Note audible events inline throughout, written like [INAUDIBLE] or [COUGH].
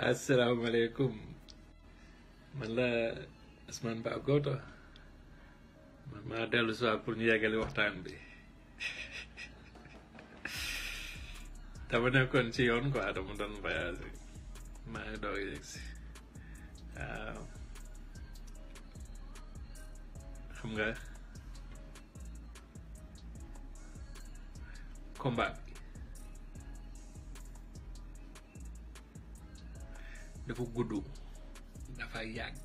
Assalamualaikum. Mala asman pak goto. Ma dalu punya kali ni yagale waxtan bi. Tama na kon ci yon ko adam ya Ma do yexi. Ah. Xam nga. dafa gudd dafa yàgg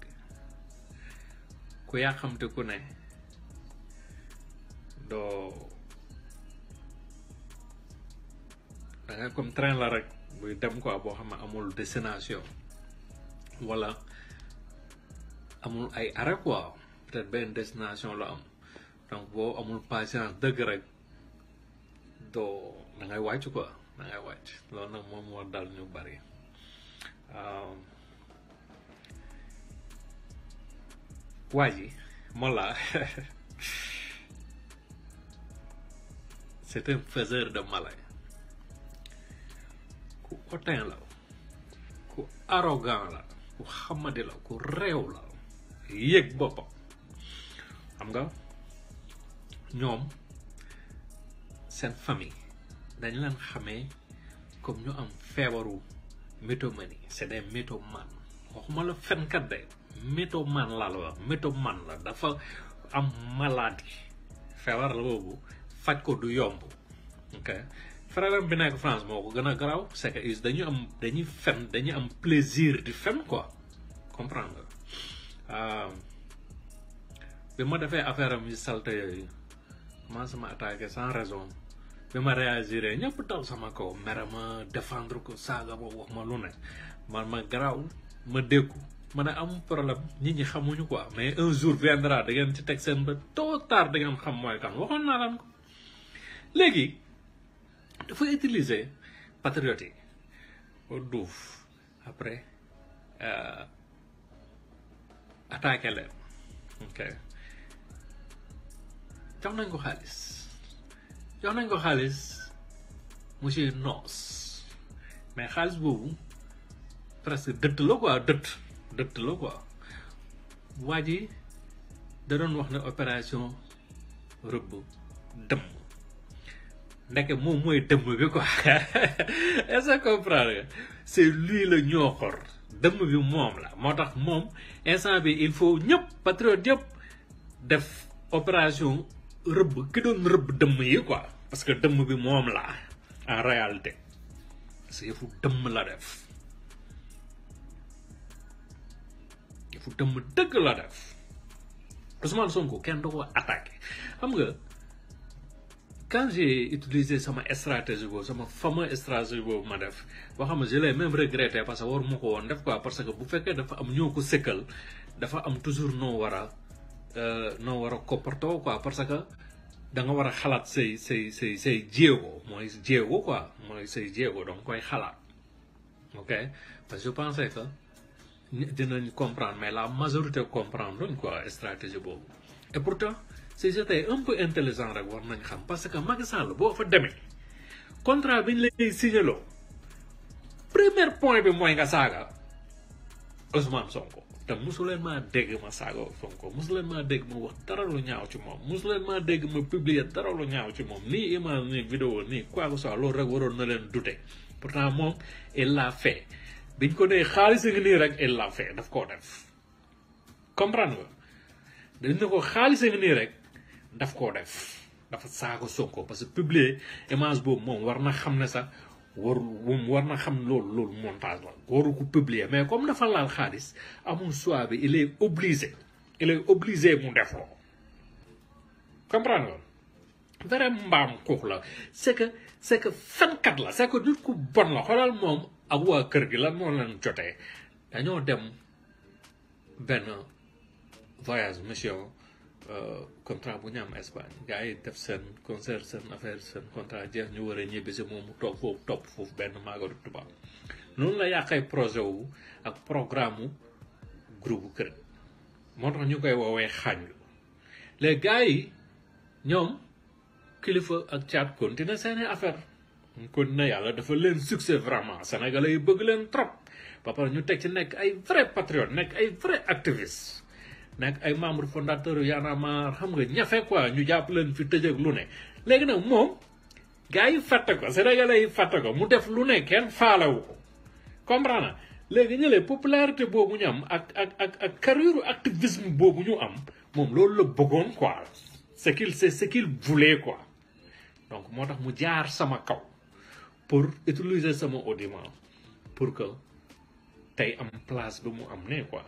ku yàqamte ku ne doo da comme train la rek buy dem quoi boo xam ne amul destination wala amul ay arrêt quoi peut benn destination la am donc boo amul patience dëgg rek doo da ngay wàcc ko da wàcc loolu nag moom moo dal ñu bari Um, waa ji Mollah [LAUGHS] c'est un faiseur de malin ku otin la ku arrogant la ku xamadi la ku réew la yéeg boppam xam nga ñoom seen famille dañ leen xamee comme ñu am feebaru metomani c'est des metoman waxuma la fenkat de métomane laa la wax métomane la dafa am maladie feebar la boobu faj ko du yomb ok frère bi nek France moko gëna graw c'est que ils dañu am dañuy fen dañu am plaisir di fen quoi comprendre euh bima defee affaire am yi salte yooyu commencé ma attaquer sans raison bi ma réagiré ñëpp dal sama kaw mere ma défendre ko saaga ma wax ma lu ne man ma garaaw ma dékku ma ne am problème nit ñi xamuñu quoi mais un e jour viendra da ngeen ci teg seen ba tôt tard da ngeen xam mooy kan waxoon naa lan ko léegi dafa utiliser patriote yi duuf après attaqué leen ok jox nañ ko xaalis Johnny Gojales monsieur noos mais xaalis boobu presque dëtt la quoi dëtt dëtt la quoi waa ji da doon wax ne opération rëbb dëmm ndeke moom mooy dëmm bi quoi [LAUGHS] est-ce que comprendre c'est lui la ñooxor dëmm bi moom la moo tax moom instant bi il faut ñëpp patriote yëpp def opération rëbb ki doon rëbb dëmm yi quoi parce que dem bi mom la en ah, réalité parce que yëfu la def yëfu dem deug la def Ousmane Sonko ken do ko attaquer xam nga quand j'ai utilisé sama stratégie bo sama fameux stratégie bo ma def bo xam je l'ai même regretté ya, parce que war ko won def quoi parce que bu fekke kan, dafa am ñoko sekkal dafa am toujours noo wara euh noo wara comporto quoi parce que da nga war a xalaat say say say say jéego mooy jéego quoi mooy say jéego danga koy xalaat ok parce que je pensais que dinañ comprendre mais la majorité comprendre luñ quoi stratégie boobu et pourtant si c'était un peu intelligent rek war nañ xam parce que Macky Sall boo fa demee contrat bi ñu lay signaloo premier point bi mooy nga saaga Ousmane Sonko te leen maa dégg ma saago Sonko mosuleen maa dégg ma wax dara lu ñaaw ci moom mosuleen maa dégg ma publier dara lu ñaaw ci moom nii image nii vidéo nii quoi que soit loolu rek waroon na leen dute pourtant moom il l'a fait biñ ko dee xaalis a nii rek il l'a fait daf koo def comprendre nga dañ ne ko xaalis a nii rek daf koo def dafa saago Sonko parce que publier image boobu moom war na xam ne sax xam montage publier mais comme dafa laal fait amul choix il est obligé il est obligé mon def comprendre c'est la que c'est que fin la c'est que nit coup bon la xoolal ak wa keur gi dem voyage Monsieur. Euh, contrat bu ñu am Espagne gars yi def seen concert seen affaire seen contrat jeex ñu war a ñibbisi moom mu toog foofu topp foofu benn maagaru tubaab noonu la yàqay projet wu ak programme mu groupe CREC moo tax ñu koy woowee xàññu les gars yi ñoom kilifa ak caat continué seeni affaire continué yàlla dafa leen succès vraiment sénégalais yi bëgg leen trop ba pare ñu teg ci nekk ay vrai patriote nekk ay vrai activiste nekk ay membre fondateur yu Y'en a marre xam nga ñafe quoi ñu jàpp leen fi tëj ak lu ne léegi nag moom gaa yi fàtte ko sénégalais yi fàtte ko mu def lu ne kenn faalewu ko comprendre na léegi ñu ne popularité boobu ñu am ak ak ak ak carrière activisme boobu ñu am moom loolu la bëggoon quoi ce qu'il c'est ce qu'il voulait quoi donc moo tax mu jaar sama kaw pour utiliser sama audimat pour que tey am place bi mu am ne quoi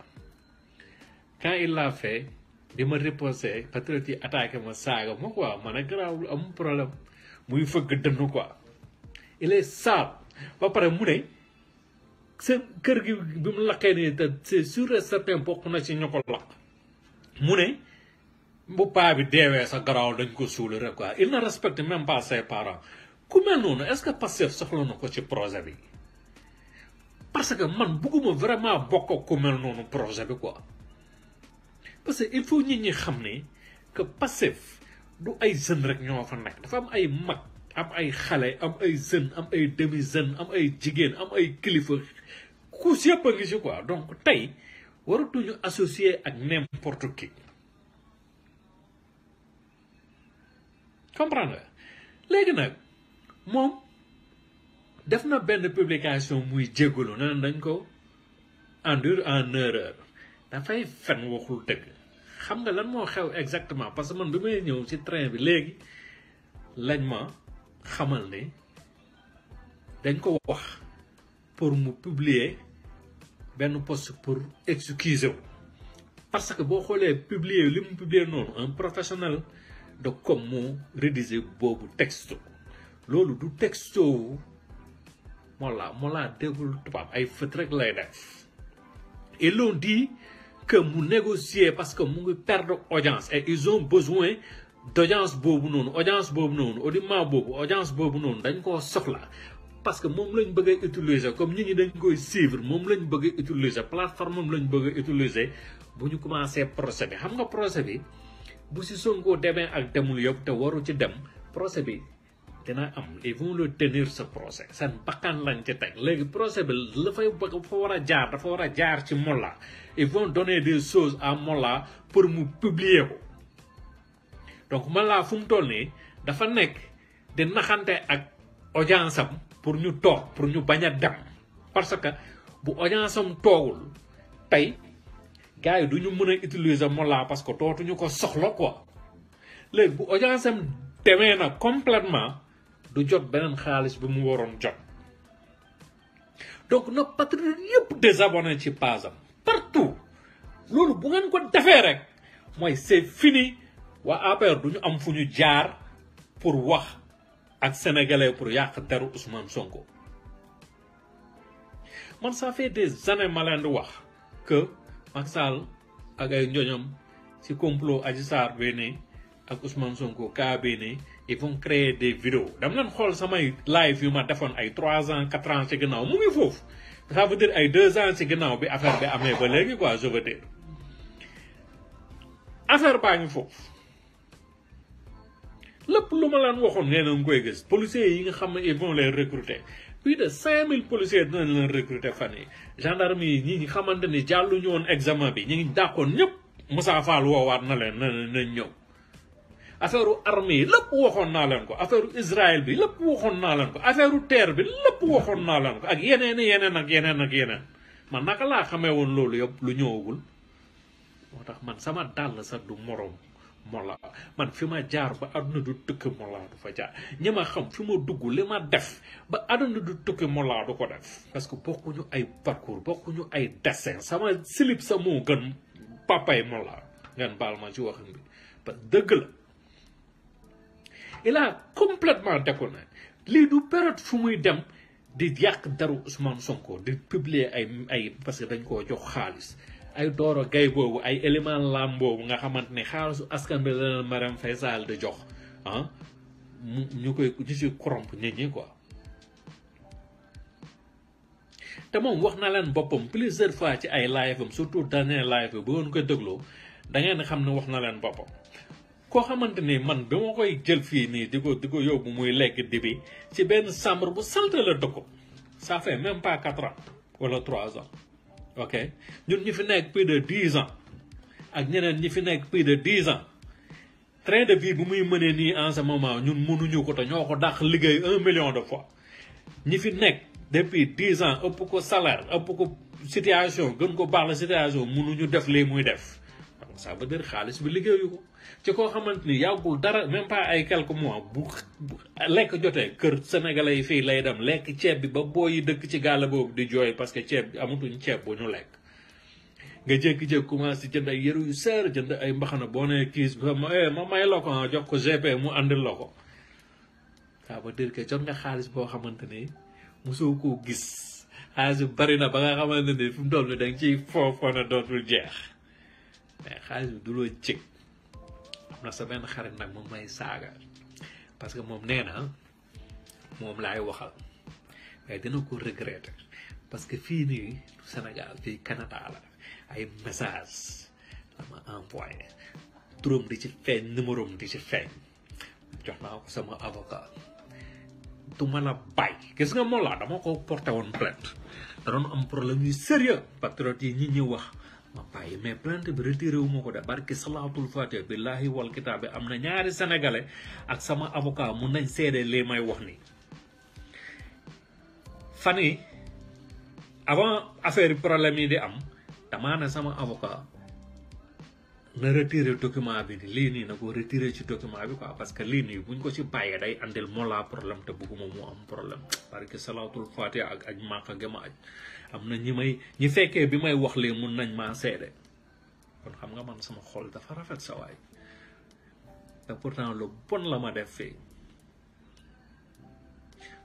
quand il l'a fait bi ma riposté patriote yi attaqué ma saaga ma quoi man a garaawul amul problème muy fëgg dënn quoi il est sale ba pare mu ne sa kër gi bi mu laqee nii te c'est sûr et bokk na ci ñu ko laq mu ne bu paa bi deewee sa garaaw dañ ko suuli rek quoi il ne respecte même pas ses parents ku mel noonu est que Pastef soxla na ko ci projet bi parce que man bugguma vraiment bokk ku mel noonu projet bi quoi parce que il faut nit ñi xam ne que Pastef du ay jeunes rek ñoo fa nag dafa am ay mag am ay xale am ay jeunes am ay demi jeunes am ay jigéen am ay kilifa couche yëpp a ngi si quoi donc tey waratuñu associé ak n'importe qui comprendre léegi nag moom def na benn publication muy jégalu na dañ ko en endur en erreur dafay fen waxul dëgg xam nga lan moo xew exactement parce que man bi may ñëw ci train bi léegi lañ ma xamal ne dañ ko wax pour mu publier benn poste pour excuser parce que boo xoolee publier li mu publier noonu un professionnel de comme moo rédiger boobu texte. loolu du texte, wu moo laa moo laa déggul tubaab ay fët rek lay def et l'on dit que mu négocier parce que mu ngi perdre audience et ils ont besoin d'audience audience non, audience boobu non, audimat boobu audience boobu non, dañ koo soxla parce que mon lañ bëgg utiliser comme nit ñi dañ koy suivre mon lañ bëgg utiliser plateforme mon lañ bëgg utiliser bu ñu commencé procès bi xam nga procès bi bu si Sonko demee ak demul yëpp te waru ci dem procès bi. maintenant am ah, et vont le tenir ce procès sen bakkan lañ ci tek léegi procès bi le fay bëgg fa wara jaar dafa war a jaar ci molla et vont donner des choses à molla pour mu publier ko donc Mollah fu mu tolné nii dafa nek de naxanté ak audience am pour ñu tok pour ñu baña dem parce que bu audience am togul tay gaay yi du ñu mën utiliser molla parce que dootuñu ko soxlo quoi léegi bu audience am demee na complètement du jot khalis xaalis bi mu waroon jot donc na patriote yëpp désabonné ci pasam partout loolu bu ngeen ko defee rek mooy c'est fini wa APR duñu am fu ñu jaar pour wax ak sénégalais pour yàq teru Ousmane Sonko man ça fait des années ma leen di wax que Macky Sall ak ay ñoñam ci complot Adji Sarr ak Ousmane Sonko kaa ils vont créer des vidéos Je leen xool samay live yu ma 3 ans 4 ans c'est gannaaw ça veut dire ay deux ans c'est gannaaw bi affaire bi amee ba quoi je veux dire affaire policiers vont les recruter plus de 5000 policiers dinañ les recruter gendarmerie, ñi examen bi affaire armée lepp waxon na lan ko affaire Israël bi lepp waxon na lan ko affaire terre bi lepp waxon na lan ko ak yeneen yeneen ak yeneen ak yeneen man naka la xamé won lolu yop lu motax man sama dal sa du morom mola man fima jaar ba aduna du mola du fa jaar ñima xam fima dugg li ma def ba aduna du mola du ko def. parce que ñu ay parcours ñu ay dessin sama slip sa mo gën papay mola gën balma ma ci waxam bi ba deug la. il a complètement na lii du période fu muy dem di yàq daru Ousmane Sonko di publier ay ay parce que dañ koo jox xaalis ay Doro Gaye boobu ay élément lam boobu nga xamante ne xaalisu askan bi la Marème Faye Sall di jox ah ñu koy ñu ci corrompe nit ñi quoi. te moom wax na leen boppam plusieurs fois ci ay laayafam am surtout dernier live bi bu ngeen ko dégloo da ngeen xam ne wax na leen boppam. koo xamante ni man bi ma koy jël fii nii di ko di ko yóbbu muy lekk dibi ci benn chambre bu salte la dëkk ça fait même pas quatre ans wala trois ans ok ñun ñu fi nekk plus de dix ans ak ñeneen ñi fi nekk plus de dix ans train de vie bu muy mënee nii en ce moment ñun mënuñu ko te ñoo ko dàq liggéey un million de fois ñi fi nekk depuis dix ans ëpp ko salaire ëpp ko situation gën ko baax la situation ñu def lii muy def donc ça veut dire xaalis bi liggéeyu ko ci koo xamante ni yàggul dara même pas ay quelques bu lekk jotee kër sénégalais yi fii lay dem lekk ceeb bi ba booyi dëkk ci gàll boobu di jooy parce que ceeb bi amatuñ ceeb bu ñu lekk. nga jékki-jékki commencé jënd ay yëru seer jënd ay mbaxana boo nee kiis bi ma eh, ma may la ko ah, jox ko GP mu àndil la ko ça veut dire jot nga xaalis boo xamante ni mosoo ko gis xaalis bi bari na ba nga xamante ni fi mu toll nii da nga ciy na dootul jeex. mais eh, xaalis bi du loo nag moom may saaga parce que moom nee na moom laay waxal mais dina ko regretter parce que fii nii du Sénégal fii Canada la ay message la ma envoyé turam di ci feeñ numéro di ci feeñ jox naa ko sama avocat du ma la gis nga moo dama ko porté woon plainte da doon problème yu sérieux patriote yi ñi wax ma bàyyi mais plainte bi retiré wu ma ko de barki salaatul fatiha billahi wal kitaab bi am na ñaari sénégalais ak sama avocat mun nañ seede lee may wax ni fan yi avant affaire problème yi di am damaa ne sama avocat na retire document bi ni li ni na ko retirer ci document bi quoi parce que li ni buñ ko ci baye day andil mola problème te buguma mu am problème parce que salatul fatiha ak aj màqa gema aj amna ñi may ñi fekke bi may wax le mun nañ ma sédé kon xam nga man sama xol dafa rafet sa way da pourtant lo bon la ma def fii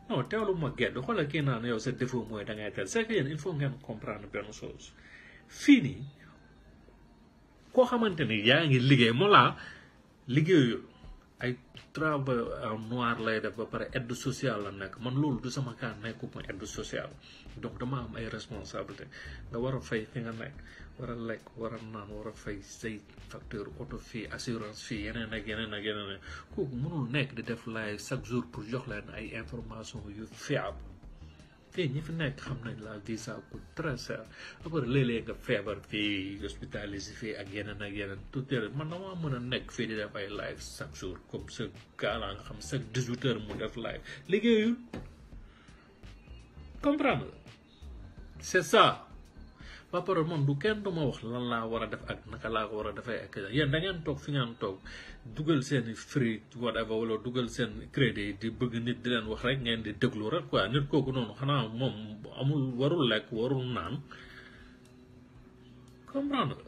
non teewlu ma gedd xoolal kii na yow sa défaut moy da ngay tel c'est que yeen il faut ngeen comprendre benn chose fini koo xamante ni yaa ngi liggéey moo laa liggéeyul ay travail en noir lay def ba pare aide social la nekk man loolu du sama cas nekkuma aide sociale donc dama am ay responsabilité nga war a fay fi nga nekk war a lekk war a naan war a fay say facteur auto fii assurance fii yeneen ak yeneen ak yeneen kooku mënul nekk di def live chaque jour pour jox leen ay information yu fiable te ñi fi nekk xam nañ la di ça coûte très cher après léeg-léeg nga feebar fii hospitalisé fii ak yeneen ak yeneen tout à man damaa mën a nekk fii di def ay live chaque jour comme ce gala nga xam chaque dix mu def live liggéeyul comprendre c'est ça. ba pare moom du kenn duma ma wax lan la wara def ak naka la wara def ak yeen da ngeen tok fi ngeen tok duggal seen free whatever wala dugal seen credit di bëgg nit di len wax rek ngeen di deglu rek quoi nit koku non xana mom amul warul lek warul nan comprendre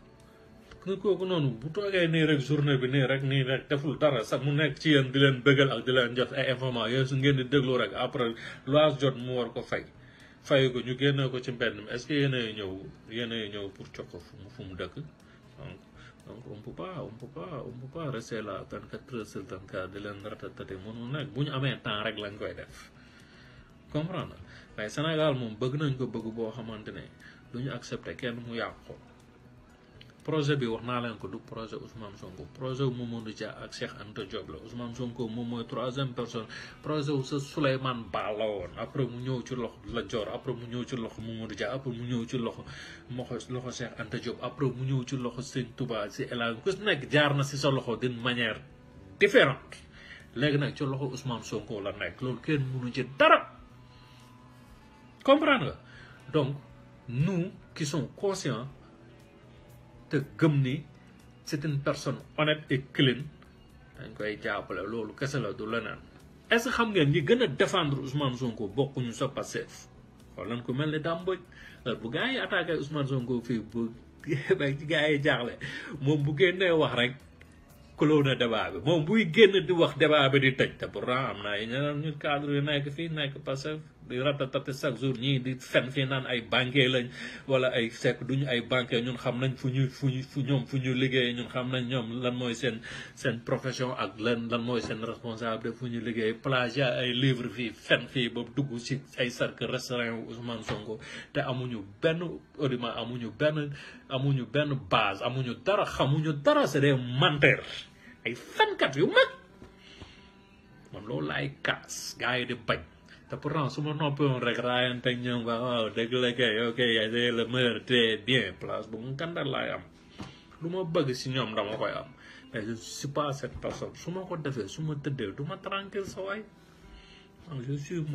nit ko noonu bu toge nii rek journée bi nii rek ni rek deful dara sax mu nek ci eh, eh, yeen ya, di len beugal ak di len jot ay information yooyu ngeen di deglu rek après loas jot mu war ko fay fay ko ñu génne ko ci mbedd mi est-ce yéen ñëw yéen ñëw pour coko fu mu fu mu dëkk donc donc on peut pas on peut pas on peut pas rester là 24 heures sur 24 di leen ratatate mënul nekk bu ñu amee temps rek lañ koy def comprendre mais Sénégal moom bëgg nañ ko bëgg boo xamante ne lu ñu accepter kenn mu yàq ko projet bi waxna len ko du projet Ousmane Sonko projet wu Mamadou Dia ak Cheikh Anta Diop la Ousmane Sonko moom mooy troisième personne projet Ousse Souleymane Ba la après mu ñew ci lox la jor après mu ñew ci lox Mamadou Dia après mu ñew ci loxo moxo loxo Cheikh Anta Diop après mu ñew ci lox Sëñ Touba ci El ku nekk jaar na ci sa loxo d'une manière différente légui nak ci loxo Ousmane Sonko la nekk loolu kenn mënu ci dara comprendre donc nous qui sont conscients te gëm ni c'est une personne honnête clean dañ koy jàppale loolu kese la du leneen est-ce que xam ngeen ñi gën defendre défendre Ousmane Sonko bokkuñu sa Pastef xool nañ ko mel ni Dame Mbodj bu gars yi attaqué Ousmane Sonko fii bu [LAUGHS] ba yi jaaxle moom bu génnee wax rek kulóo na bi moom buy génn di wax débat bi di tëj te pourtant am na ay ñeneen ñu cadre yu nekk fii nekk Pastef di rata tata chaque jour ñi di fenn fi nan ay banquier lañ wala ay sekk duñu ay banquier ñun xam nañ fu ñuy fu ñuy fu ñoom fu ñu liggéeyee ñun xam nañ ñom lan moy sen sen profession ak lan lan moy sen responsable fu ñu liggéey plagiat ya ay livre fi fenn fi ba dugg ci ay cercle restaurant Ousmane Sonko té amuñu benn audiment amuñu benn amuñu benn base amuñu dara xamuñu dara c'est des menteurs ay fankat yu mag man lo lay kaas gaay de bañ tapi orang semua moment non peut on regrette un teignon va oh ya de le meilleur très bien place bon quand là am lu ma bëgg ci ñom dama koy am mais je eh, suis pas cette personne suma ko défé suma tëddé duma tranquille sa way je suis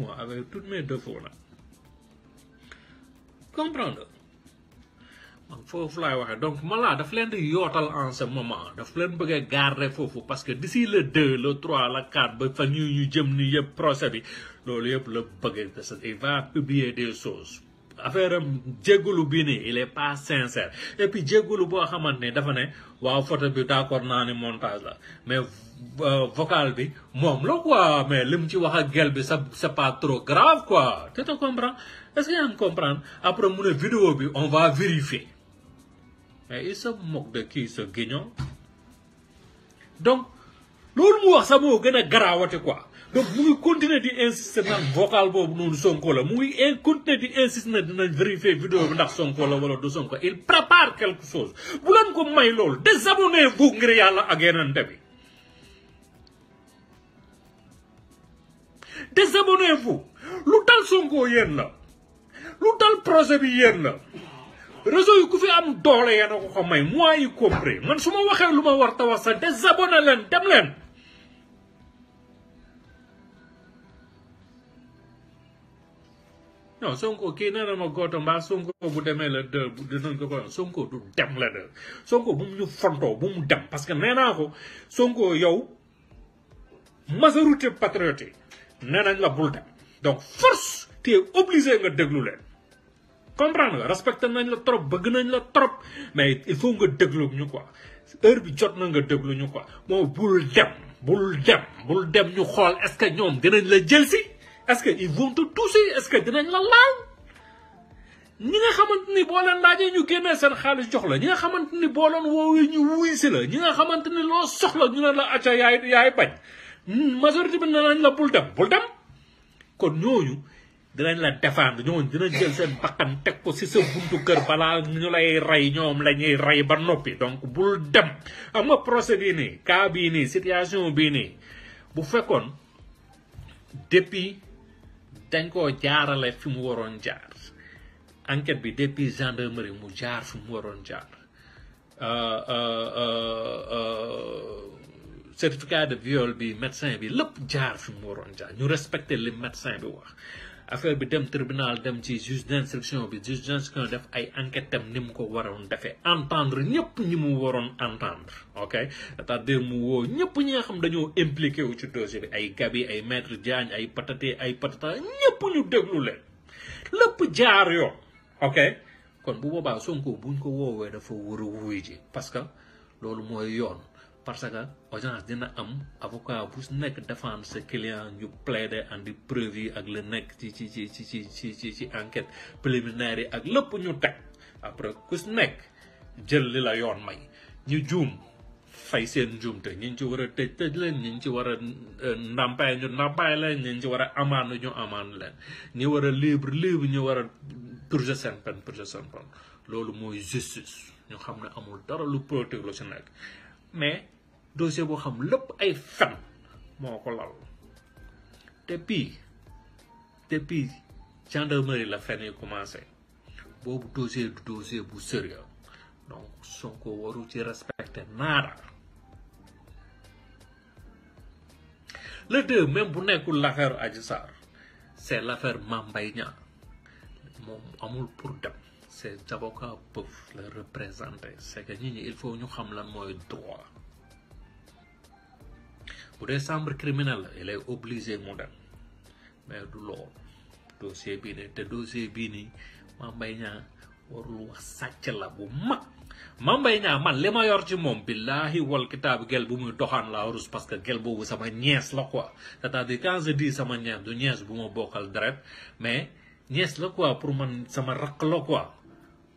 donc foofu laay waxee donc laa daf leen di yootal en ce moment daf leen bëgg a foofu parce que d'ici le 2 le 3 la 4 ba fa ñu ñu jëm ni yëpp procès bi loolu yëpp la bëgg parce que va publier des choses affaire am jégalu bii nii il est pas sincère et puis jégalu boo xamante ne dafa ne waaw photo bi d'accord naa ne montage la mais euh, vocal bi moom la quoi mais li mu ci wax a gel bi sa c'est pas trop grave quoi tu te comprends est-ce que yaa ngi comprendre après mu ne bi on va vérifier. mais il se moque de qui ce guignon donc loolu mu wax sax moo gën a garaawate quoi donc mu ngi continuer di insister naan vocal boobu noonu Sonko la mu ngi continuer di insister na dinañ vérifier vidéo bi ndax Sonko la wala du Sonko il prépare quelque chose bu leen ko may loolu désabonnez-vous ngir yàlla ak yeneen bi désabonnez-vous lu dal Sonko yéen la lu dal projet bi yéen la réseau yi ku fi am doole yéen ko ko may moi y compris man su ma waxee lu ma war ta wax sax désabonné leen dem leen non Sonko kii nee ma gooto mbaa Sonko bu demee la de dinañ ko ko Sonko du bu mu ñu fontoo bu mu dem parce que nee naa ko Sonko yow majorité patriote nee nañ la bul dem donc force te obligé nga déglu leen comprendre nga respecté nañ la trop bëgg nañ la trop mais il faut nga déglu ñu quoi heure bi jot na nga déglu ñu ko moo bul dem bul dem bul dem ñu xool est-ce que ñoom dinañ la jël si est-ce que ils vont te toucher est-ce que dinañ la laal ñi nga xamante ni boo leen laajee ñu génnee seen xaalis jox la ñi nga xamante ni boo leen woowee ñu wuy si la ñi nga xamante ni loo soxla ñu ne la acca yaay yaay bañ majorité bi ne nañ la bul dem bul dem kon ñooñu dinañ la défendre ñoo dina jël seen bakkan tek ko ci sa buntu kër bala ñu lay ray ñoom lañuy ray ba noppi donc bul dem am nga procès bii nii cas bii nii situation bii nii bu fekkoon depuis dañ koo jaarale fi mu waroon jaar enquête bi depuis gendarmerie mu jaar fi mu waroon jaar euh, euh, euh, euh, certificat de viole bi médecin bi lépp jaar fi mu waroon jaar ñu respecté li médecin bi wax affaire bi dem tribunal dem ci juge d'instruction bi juge d'instruction def ay enquête tam ni mu ko waroon defee entendre ñëpp ñi mu waroon entendre ok à dire mu woo ñëpp ñi xam dañoo impliqué wu ci dossier bi ay Gabi ay maitre Diagne ay pataté ay patata ñëpp ñu déglu leen jaar yoon ok kon bu boobaa Sonko buñ ko woowee dafa war a wuy ji parce que loolu mooy yoon parce que audience dina am avocat bu nek défendre ce client ñu plaider andi preuve ak le nek ci ci ci ci ci ci ci enquête préliminaire ak lepp ñu tek après ku nek jël li la yoon may ñu joom fay seen te ñu ci wara tej tej tëj leen ñi ci wara eh, ndampay ñu nabay leen ñu ci wara amane ñu amane leen ñu wara libre libre ñu war purger seen peine purger seen peine lolu moy justice ñu xam amul dara lu politique lu ci nek mais dossier boo xam lépp ay fen moo ko lal te puis te puis gendarmerie la fen yi commencé boobu dossier du dossier bu sérieux donc ko warul ci respecté naara le deux même bu nekkul l'affaire Adji Sarr c'est l'affaire Mame Mbaye Niang moom amul pour dem ces avocats peuvent le représenter c'est que nit ñi il faut ñu xam lan mooy droit bu dee kriminal, criminelle oblige lay obligé mu dem mais bini, lool dossier bii nii te dossier bii nii Mame Mbaye Niang warul man lima ma yor ci wal kitaabu gel bumi tohan doxaan laa rus parce gel bumi sama nyes la quoi cest sama ñees du nyes bumi bokal bokkal me nyes ñees la sama rak la quoi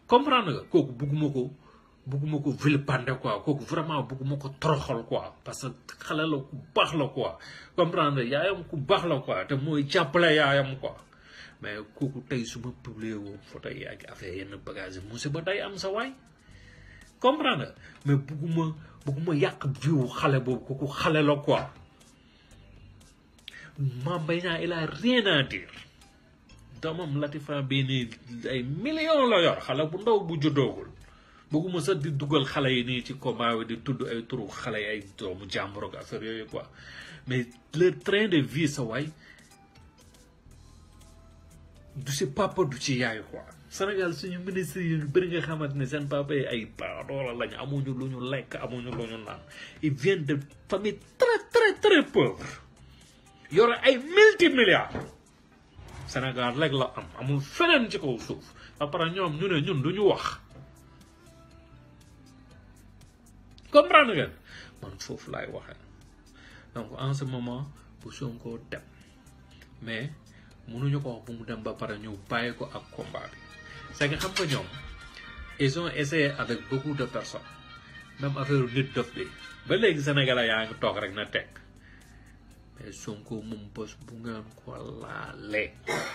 comprendre nga kooku bugguma ko vilipender quoi kooku vraiment bugguma ko toroxal quoi parce que xale la ku baax la quoi comprendre yaayam ku baax la quoi te mooy jàppale yaayam quoi mais kooku tey su ma publier woon photo yi ak affaire yenn day am sa bugguma yàq viwu xale boobu kooku xale la quoi Mame Mbaye Niang il a rien à dire doomam Latifa bii nii ay millions la yor xale bu ndaw bu juddoogul bëgguma sax di dugal xale yi nii ci combat bi di tudd ay turu xale yi ay doomu jàmbur ak affaire yooyu quoi mais le train de vie sa waay du si papa du ci Sénégal suñu ministre yi bëri nga xamante ni seen papa yi ay baadoola lañu amuñu lu ñu lekk amuñu lu ñu naan ils viennent de famille très très très pauvre yore ay multimilliards Sénégal rek la am amul feneen ci kaw suuf ba ñoom ñu ne ñun du ñu wax. comprendre man foofu laay waxee donc en moment bu Sonko dem mais mënuñu ko wax bu mu dem ba pare ñu bàyyi ko ak combat bi c'est xam ko ñoom ils ont essayé avec beaucoup de personnes même affaire nit dof bi ba léegi sénégalais yaa ngi toog rek na teg mais Sonko moom bés bu ngeen ko laalee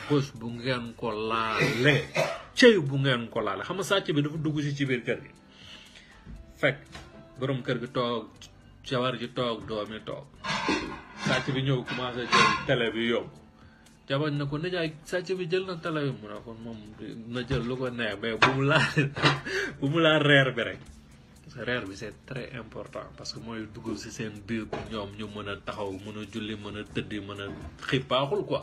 bés bu ngeen ko laalee cëy bu ngeen ko laalee xam nga sàcc bi dafa dugg si ci biir kër gi fekk borom kër gi toog jabar ji toog doom yi toog sàcc bi ñëw commencé jël télé bi yóbbu jabar na ko jaay sàcc bi jël na télé bi mu ne ko moom na jël lu ko neex [LAUGHS] mais bu mu laal bu mu laal reer bi rek reer bi c'est très important parce que mooy dugg si seen biir ñoom ñu mën a taxaw mën a julli mën a tëddi mën a xippaaxul quoi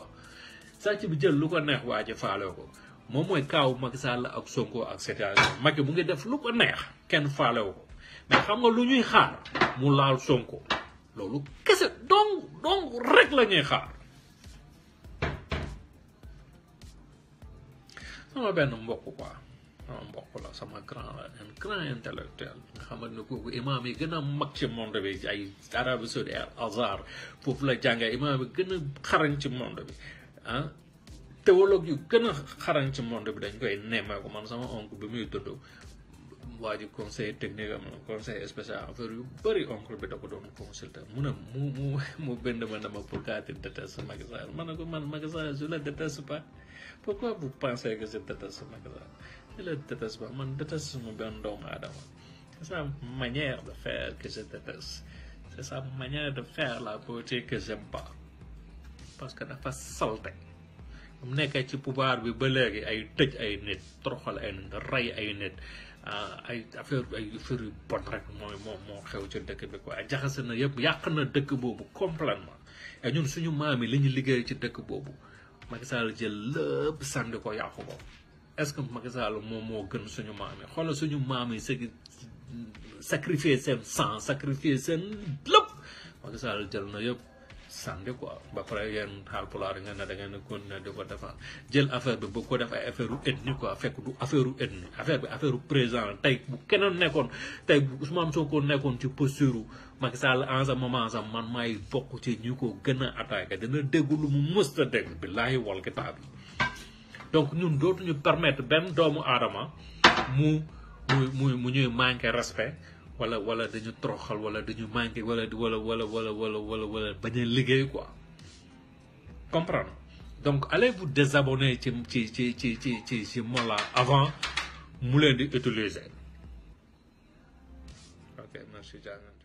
sàcc bi jël lu ko neex waa ji ko moom mooy kaaw Macky Sall ak Sonko ak situation Macky mu ngi def lu ko neex kenn faalewu ko mais xam nga lu ñuy xaar mu laal Sonko loolu kese donc donc rek la xaar sama benn mbokk quoi sama mbokk la sama grand la un grand intellectuel nga xamante ne kooku imaam yi gën a mag ci monde bi ay Arabie Saoudite Azhar foofu la jàngee imaam yi gën a xarañ ci monde bi ah théologue yu gën a xarañ ci monde bi dañ koy nemmeeku man sama oncle bi muy tudd waaji conseil technique am kan, conseil spécial affaire yu bari oncle bi da ko doon consulter mu ne mu mu mu bind ma ne ma pourquoi tu détestes Macky Sall ma ne ko man magasin je le déteste pas pourquoi vous pensez que je déteste magasin je le déteste pas man déteste suma benn doomu aadama c'est sa manière de faire que je déteste c'est sa manière de faire la beauté que j'aime pas parce que dafa salte mu nekkee ci pouvoir bi ba léegi ay tëj ay nit toroxal ay nit rey ay nit Ah, ay affaire ay affaire yu bon rek mooy moom moo xew ci dëkk bi quoi jaxase na yëpp yàq na dëkk boobu complètement et ñun suñu maam yi li ñu liggéey ci dëkk boobu Macky Sall jël lépp sànni ko yàqu ko est-ce que Macky moom moo gën suñu maam yi xoolal suñu maam yi sagi sacrifier seen sang sacrifier seen lépp Macky jël na yëpp sànde ko ba pare yeen haalpulaar nga ne da ngeen na di ko dafa jël affaire bi bu ko dafa affaireu etni ko ethnie fekk du affaireu etni affaire bi affaireu u tay bu kenen nekkon tay bu Ousmane Sonko nekkon ci posture Macky Sall en ce moment sax man maay bokk ci ñu ko gën a attaqué dina dégg lu mu mësta dégg billaahi wal kitaab yi donc ñun dootuñu permettre benn doomu aadama mu mu mu ñuy manqué respect wala wala dañu troxal wala voilà voilà, voilà, wala voilà, voilà, voilà, voilà, wala voilà, voilà, quoi comprendre donc allez vous désabonner ci ci ci ci ci ci avant mu leen di utiliser ok merci